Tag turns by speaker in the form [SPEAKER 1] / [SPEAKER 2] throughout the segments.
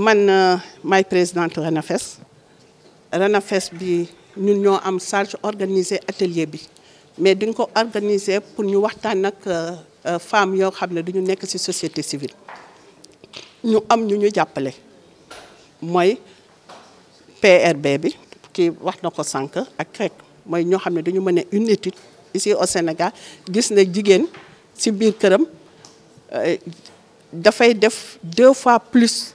[SPEAKER 1] man euh, maay présidente RENAFES RENAFES bi ñun ñoo am atelier mais di ko pour ñu waxtaan euh, euh, femmes duñu ci société civile ñu am ñu ñu jappalé PRB bi une étude ici au Sénégal gis na fait deux fois plus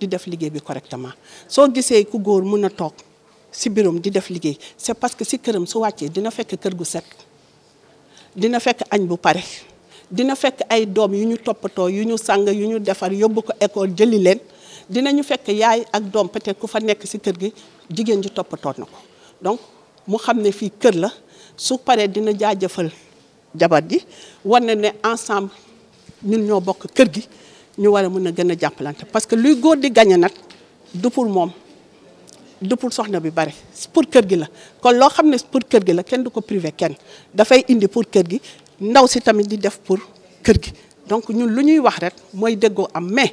[SPEAKER 1] di def liggéey bi correctement soo gisee ku góor mun a toog si biiram di def liggéey c'est parce que si këram su wàccee dina fekk kër gu set dina fekk añ bu pare dina fekk ay doom yu ñu toppatoo yu ñu sàng yu ñu defar yóbbu ko école jëli leen dina ñu fekk yaay ak doom peut-être ku fa nekk si kër gi jigéen ji toppatoo na ko donc mu xam ne fii kër la su paree dina jaajëfal jabar ji war na ne ensemble ñun ñoo bokk kër gi Nous allons nous parce que luy goût di gagné pour pour pour la Donc, ne pour kër gi la kenn privé kenn dafay indi pour gi ndaw si tamit def pour kër gi donc nous lu ñuy wax de mooy déggoo mais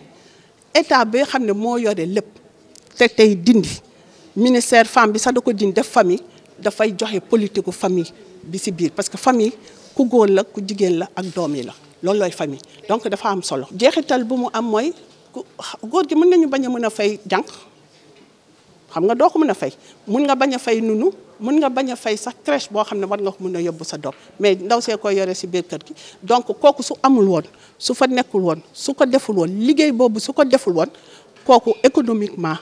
[SPEAKER 1] état bi xam ne moi, yore lépp dindi ministère femme bi sax da de def famille de joxe politique famille bi si parce que famille ku la la ak la loolu la famille donc dafa am solo jeexital bu am mooy góor gi nañu a a fay jànq xam nga doo ko fay mun nga fay nunu mun nga bañ fay sax crèche boo xam ne nga ko a sa doom mais ndaw si donc su amul woon su fa nekkul woon su ko deful woon liggéey boobu su ko deful économiquement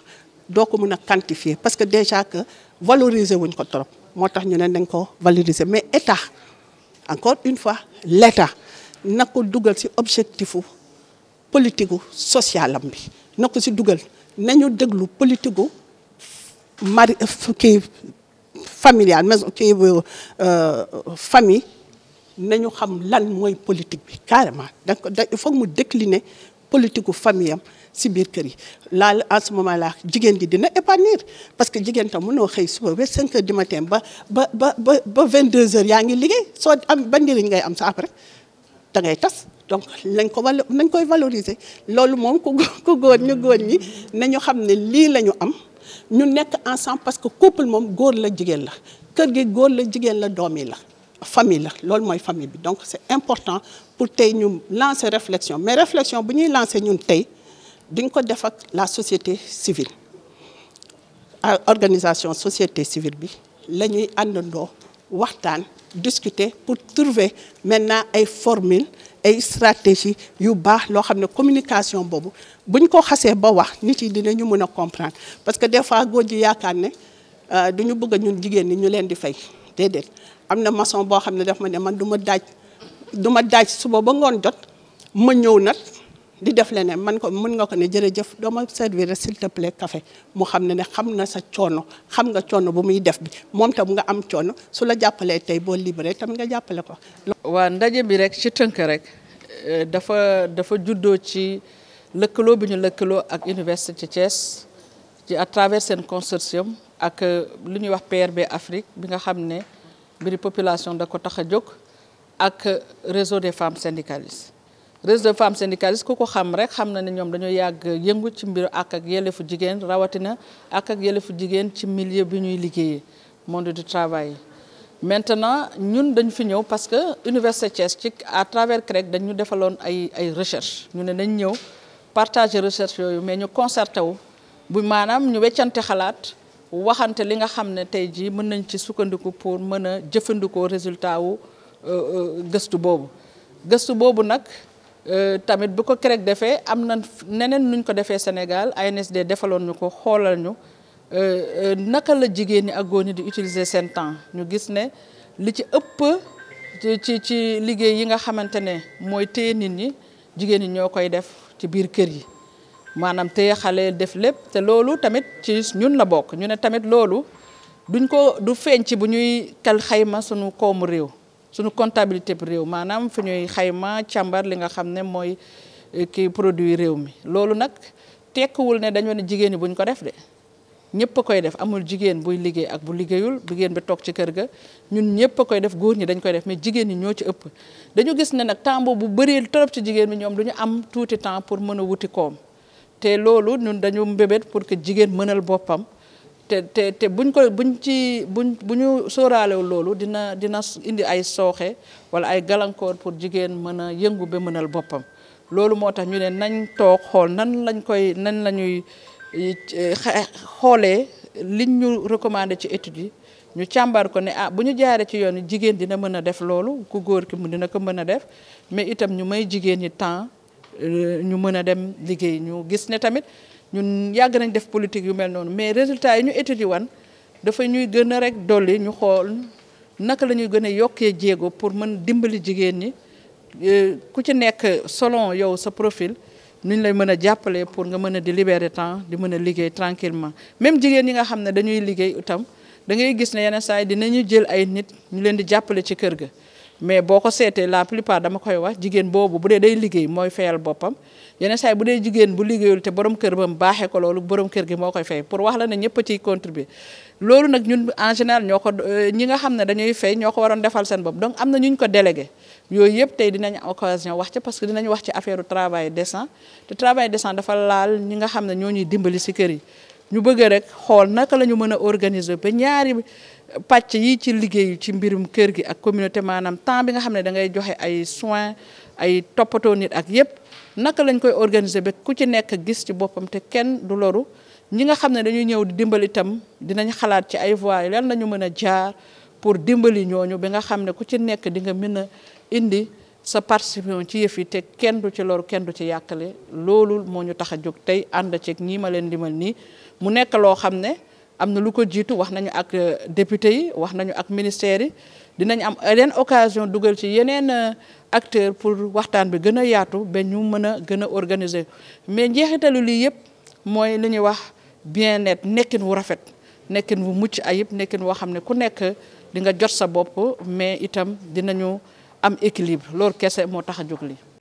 [SPEAKER 1] doo ko a quantifier parce que déjà que valoriser wuñ ko trop moo ñu valoriser mais état encore une fois l'État, na ko dugal ci objectifu politiku socialam bi na ko ci dugal nañu déglu politiku mari kii familial maison kii euh, famille nañu xam lan mooy politique bi carrément da ko da il faut mu décliner politique gu famille si biir kër yi laal en ce moment jigéen ji dina épanouir parce que jigéen tam mënoo xëy suba ba 5 heures du matin ba ba ba ba 22 heures yaa ngi liggéey soo am ban njëriñ ngay am sa après. da ngay tas donc lañ ko wala nañ koy valoriser loolu moom ku ku góor ñu góor ñi nañu xam ne lii la ñu am ñu nekk ensemble parce que couple moom góor la jigéen la kër gi góor la jigéen la doom yi la famille la loolu mooy famille bi donc c'est important pour tey ñu lancer réflexion mais réflexion bu ñuy lancer ñun tey diñ ko def ak la société civile organisation société civile bi la ñuy àndandoo waxtaan discuter pour trouver maintenant ay formule ay stratégie yu baax loo xam ne communication boobu buñ ko xasee ba wax nit yi ñu mën a comprendre parce que des fois góor ji yaakaar ne euh, duñu bëgg a ñun jigéen ni ñu leen di fay déedéet am na mason boo xam ne daf ma ne man du daaj du ma daaj suba ba ngoon jot ma ñëw nag di def leneen man ko mën nga ko ne jërëjëf doo ma servir s'il te plaît café mu xam ne ne xam na sa coono xam nga coono bu muy def bi moom tam nga am coono su la jàppalee tey boo libéré tam nga jàppale ko.
[SPEAKER 2] waa ndaje bi rek ci tënk rek euh, dafa dafa juddoo ci lëkkaloo bi ñu lëkkaloo ak université Thiès ci à travers seen consortium ak euh, lu ñuy wax per PRB Afrique bi nga xam ne bi population da ko tax a jóg ak euh, réseau des femmes syndicalistes. réseau de femmes syndicalistes ku ko xam rek xam na ne ñoom dañoo yàgg yëngu ci mbiru ak ak yelleefu jigéen rawatina ak ak yelleefu jigéen ci milieu bi ñuy liggéeyee monde du travail maintenant ñun dañ fi ñëw parce que Université Thiès ci à travers CREC dañu defaloon ay ay recherche ñu ne nañ ñëw partager recherche yooyu mais ñu concerté wu bu maanaam ñu weccante xalaat waxante li nga xam ne tey jii mën nañ ci sukkandiku pour mën a jëfandikoo résultat wu euh, euh, gëstu boobu Euh, tamit bu ko CREC defee am na neneen luñ ko defee Sénégal ANSD defaloon ñu ko xoolal ñu euh, euh, naka la jigéen ñi ak góor ñi di utiliser seen temps ñu gis ne li ci ëpp ci ci liggéey yi nga xamante ne mooy téye nit ñi jigéen ñi ñoo koy def ci biir kër yi maanaam téye xale def lépp te loolu tamit ci ñun la bokk ñu ne tamit loolu duñ ko du feeñ ci bu ñuy kal xayma sunu koomu réew suñu comptabilité bu réew maanaam fi ñuy xayma càmbar li nga xam ne mooy eh, kii produit réew mi loolu nag tekkiwul ne dañoo ne jigéen ñi buñ ko def de ñëpp koy def amul jigéen buy liggéey ak bu liggéeyul jigéen be toog ci kër ga ñun ñëpp koy def góor ñi dañ koy def mais jigéen ñi ñoo ci ëpp dañu gis ne nag temps bu bëree trop ci jigéen bi ñoom du ñu am tuuti temps pour mën a wuti koom te loolu ñun dañu mbébét pour que jigéen mënal boppam te te te buñ ko buñ ci buñ bu ñu sóoraalewul loolu dina dina indi ay sooxe wala ay gàllankoor pour jigéen mën a yëngu ba mënal boppam loolu moo tax ñu ne nañ toog xool nan lañ koy nan la ñuy eh, xoolee liñ ñu recommandé ci étude yi ñu càmbar ko ne ah bu ñu jaaree ci yoon jigéen dina mën a def loolu ku góor ki mu dina ko mën a def mais itam ñu may jigéen ñi temps euh, ñu mën a dem liggéey ñu gis ne tamit ñun yàgg nañ def politique yu mel noonu mais résultat yi ñu étudier wan dafa ñuy gën a rek dolli ñu xool naka la ñuy gën a yokkee jéego pour mën dimbali jigéen ñi euh, ku ci nekk solon yow sa profil ñu lay mën a jàppale pour nga mën a di libérer temps di mën a liggéey tranquillement même jigéen ñi nga xam ne dañuy liggéey itam da ngay gis ne yenn saa yi dinañu jël ay nit ñu leen di jàppale ci kër ga mais boo ko seetee la plupart dama koy wax jigéen boobu bu dee day liggéey mooy fayal boppam yeneen saa bu dee jigéen bu liggéeyul te borom kër bam baaxee ko loolu borom kër gi moo koy fay pour wax la ne ñëpp a ciy loolu nag ñun en ñoo ko euh, ñi nga xam ne dañuy fay ñoo ko waroon defal seen bopp donc am na ñu ko délégué yooy yëpp tey dinañ occasion wax ci parce que dinañ wax ci affaire travail décent te travail décent dafa laal ñi nga xam ne ñoo ñuy dimbali si kër yi ñu bëgg rek xool naka la ñu mën a organiser ba ñaari pàcc yi ci liggéey ci mbirum kër gi ak communauté maanaam temps bi nga xam ne da ngay joxe ay soins ay toppatoo nit ak yépp naka lañ koy organiser ba ku ci nekk gis ci boppam te kenn du loru ñi nga xam ne dañuy ñëw di dimbali itam dinañ xalaat ci ay voies lan la ñu mën a jaar pour dimbali ñooñu bi nga xam ne ku ci nekk di nga mën a indi sa participation ci yëf yi te kenn du ci loru kenn du ci yàqale loolu moo ñu tax a jóg tey ànd ceeg ñii ma leen limal nii mu nekk loo xam ne. am na lu ko jiitu wax nañu ak euh, député yi wax nañu ak ministère yi dinañ am yeneen occasion dugal ci yeneen euh, acteur pour waxtaan bi gën a yaatu ba ñu mën a gën a organiser mais njeexitalu lii yëpp mooy li ñuy wax bien net nekkin wu rafet nekkin wu mucc ayib nekkin woo xam ne ku nekk di nga jot sa bopp mais itam dina dinañu am équilibre loolu kese moo tax a jóg lii